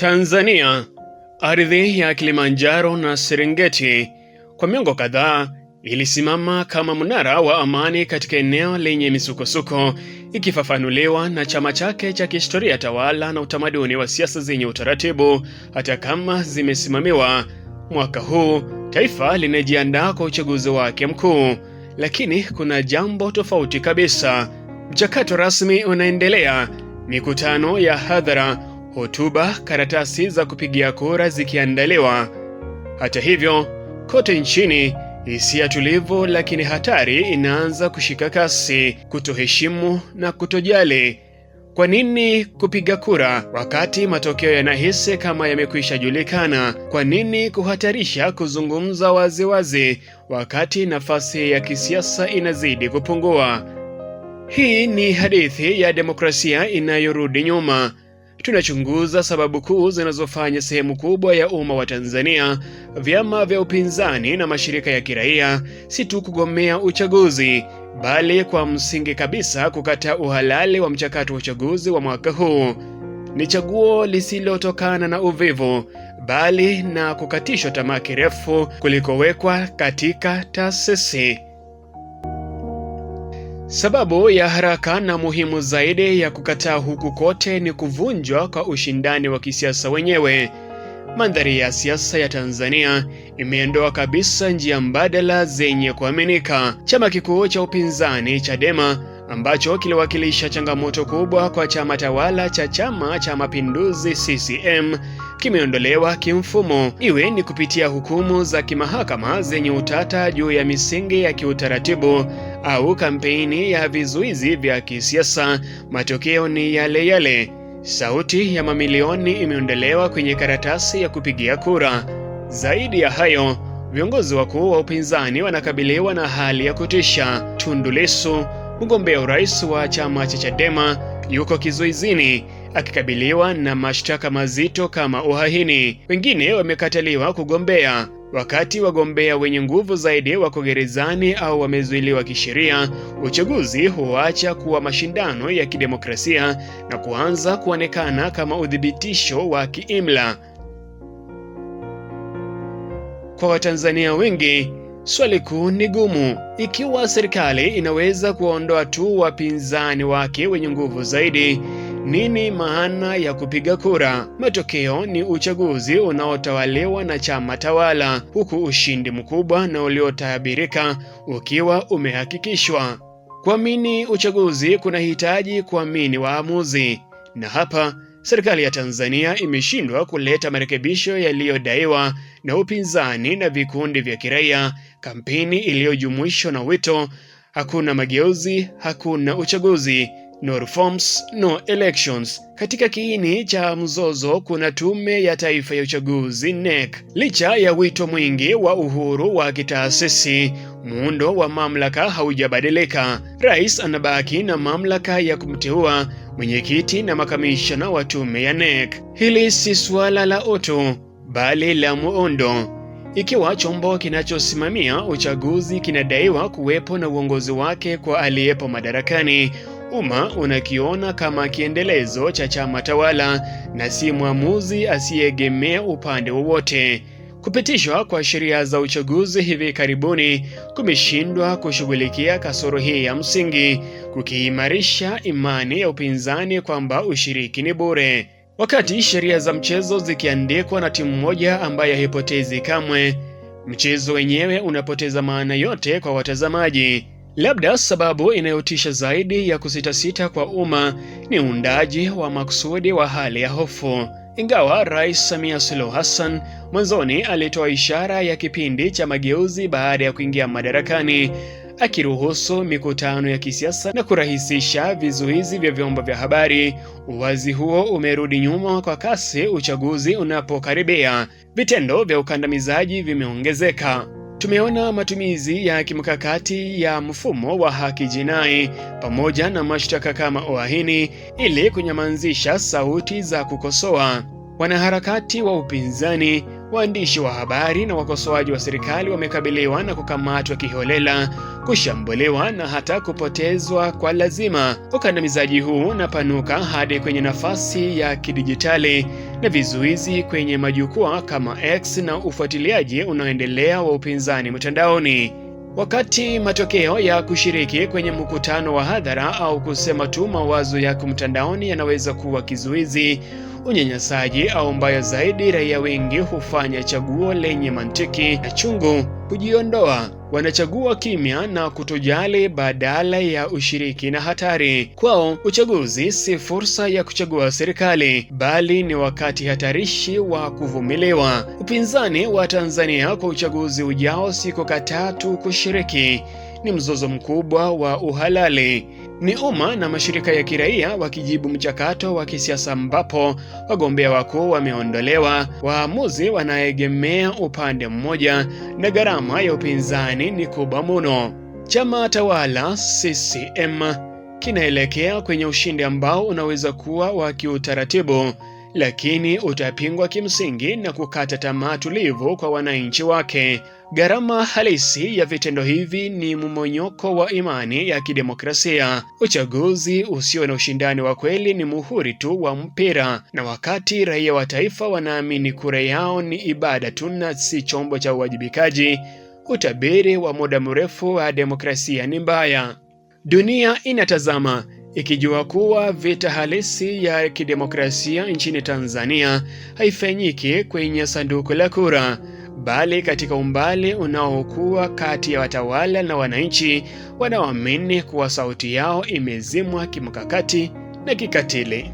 Tanzania, ardhi ya Kilimanjaro na Serengeti kwa miongo kadhaa ilisimama kama mnara wa amani katika eneo lenye misukosuko, ikifafanuliwa na chama chake cha kihistoria tawala na utamaduni wa siasa zenye utaratibu, hata kama zimesimamiwa. Mwaka huu taifa linajiandaa kwa uchaguzi wake mkuu, lakini kuna jambo tofauti kabisa. Mchakato rasmi unaendelea, mikutano ya hadhara hotuba, karatasi za kupigia kura zikiandaliwa. Hata hivyo, kote nchini hisia tulivu lakini hatari inaanza kushika kasi: kutoheshimu na kutojali. Kwa nini kupiga kura wakati matokeo yanahisi kama yamekwisha julikana? Kwa nini kuhatarisha kuzungumza waziwazi wazi, wakati nafasi ya kisiasa inazidi kupungua? Hii ni hadithi ya demokrasia inayorudi nyuma tunachunguza sababu kuu zinazofanya sehemu kubwa ya umma wa Tanzania, vyama vya upinzani na mashirika ya kiraia si tu kugomea uchaguzi, bali kwa msingi kabisa kukataa uhalali wa mchakato wa uchaguzi wa mwaka huu. Ni chaguo lisilotokana na uvivu bali na kukatishwa tamaa kirefu kulikowekwa katika taasisi. Sababu ya haraka na muhimu zaidi ya kukataa huku kote ni kuvunjwa kwa ushindani wa kisiasa wenyewe. Mandhari ya siasa ya Tanzania imeondoa kabisa njia mbadala zenye kuaminika. Chama kikuu cha upinzani Chadema ambacho kiliwakilisha changamoto kubwa kwa chama tawala cha Chama cha Mapinduzi CCM kimeondolewa kimfumo, iwe ni kupitia hukumu za kimahakama zenye utata juu ya misingi ya kiutaratibu au kampeni ya vizuizi vya kisiasa, matokeo ni yale yale. Sauti ya mamilioni imeondolewa kwenye karatasi ya kupigia kura. Zaidi ya hayo, viongozi wakuu wa upinzani wanakabiliwa na hali ya kutisha. Tundu Lissu, mgombea urais wa chama cha Chadema, yuko kizuizini akikabiliwa na mashtaka mazito kama uhaini. Wengine wamekataliwa kugombea. Wakati wagombea wenye nguvu zaidi wako gerezani au wamezuiliwa kisheria, uchaguzi huacha kuwa mashindano ya kidemokrasia na kuanza kuonekana kama uthibitisho wa kiimla. Kwa Watanzania wengi, swali kuu ni gumu: ikiwa serikali inaweza kuwaondoa tu wapinzani wake wenye nguvu zaidi nini mm. maana ya kupiga kura? Matokeo ni uchaguzi unaotawaliwa na chama tawala, huku ushindi mkubwa na uliotabirika ukiwa umehakikishwa. Kuamini uchaguzi kunahitaji kuamini waamuzi, na hapa serikali ya Tanzania imeshindwa kuleta marekebisho yaliyodaiwa na upinzani na vikundi vya kiraia, kampeni iliyojumuishwa na wito hakuna mageuzi, hakuna uchaguzi no reforms, no elections. Katika kiini cha mzozo kuna Tume ya Taifa ya Uchaguzi NEC. Licha ya wito mwingi wa uhuru wa kitaasisi, muundo wa mamlaka haujabadilika. Rais anabaki na mamlaka ya kumteua mwenyekiti na makamishana wa tume ya NEC. Hili si suala la utu, bali la muundo. Ikiwa chombo kinachosimamia uchaguzi kinadaiwa kuwepo na uongozi wake kwa aliyepo madarakani umma unakiona kama kiendelezo cha chama tawala na si mwamuzi asiyeegemea upande wowote. Kupitishwa kwa sheria za uchaguzi hivi karibuni kumeshindwa kushughulikia kasoro hii ya msingi, kukiimarisha imani ya upinzani kwamba ushiriki ni bure. Wakati sheria za mchezo zikiandikwa na timu moja ambayo haipotezi kamwe, mchezo wenyewe unapoteza maana yote kwa watazamaji. Labda sababu inayotisha zaidi ya kusitasita kwa umma ni uundaji wa makusudi wa hali ya hofu. Ingawa Rais Samia Suluhu Hassan mwanzoni alitoa ishara ya kipindi cha mageuzi baada ya kuingia madarakani, akiruhusu mikutano ya kisiasa na kurahisisha vizuizi vya vyombo vya habari, uwazi huo umerudi nyuma kwa kasi uchaguzi unapokaribia. Vitendo vya ukandamizaji vimeongezeka. Tumeona matumizi ya kimkakati ya mfumo wa haki jinai pamoja na mashtaka kama uhaini ili kunyamanzisha sauti za kukosoa. Wanaharakati wa upinzani Waandishi wa habari na wakosoaji wa serikali wamekabiliwa na kukamatwa kiholela, kushambuliwa na hata kupotezwa kwa lazima. Ukandamizaji huu unapanuka hadi kwenye nafasi ya kidijitali na vizuizi kwenye majukwaa kama X na ufuatiliaji unaoendelea wa upinzani mtandaoni. Wakati matokeo ya kushiriki kwenye mkutano wa hadhara au kusema tu mawazo yako mtandaoni yanaweza kuwa kizuizi, unyanyasaji au mbaya zaidi, raia wengi hufanya chaguo lenye mantiki na chungu kujiondoa. Wanachagua kimya na kutojali badala ya ushiriki na hatari. Kwao uchaguzi si fursa ya kuchagua serikali, bali ni wakati hatarishi wa kuvumiliwa. Upinzani wa Tanzania kwa uchaguzi ujao siku katatu kushiriki, ni mzozo mkubwa wa uhalali. Ni umma na mashirika ya kiraia wakijibu mchakato wa kisiasa ambapo wagombea wakuu wameondolewa, waamuzi wanaegemea upande mmoja na gharama ya upinzani ni kubwa mno. Chama tawala CCM kinaelekea kwenye ushindi ambao unaweza kuwa wa kiutaratibu, lakini utapingwa kimsingi na kukata tamaa tulivu kwa wananchi wake. Gharama halisi ya vitendo hivi ni mmonyoko wa imani ya kidemokrasia. Uchaguzi usio na ushindani wa kweli ni muhuri tu wa mpira, na wakati raia wa taifa wanaamini kura yao ni ibada tu na si chombo cha uwajibikaji, utabiri wa muda mrefu wa demokrasia ni mbaya. Dunia inatazama ikijua kuwa vita halisi ya kidemokrasia nchini Tanzania haifanyiki kwenye sanduku la kura bali katika umbali unaokuwa kati ya watawala na wananchi wanaoamini kuwa sauti yao imezimwa kimkakati na kikatili.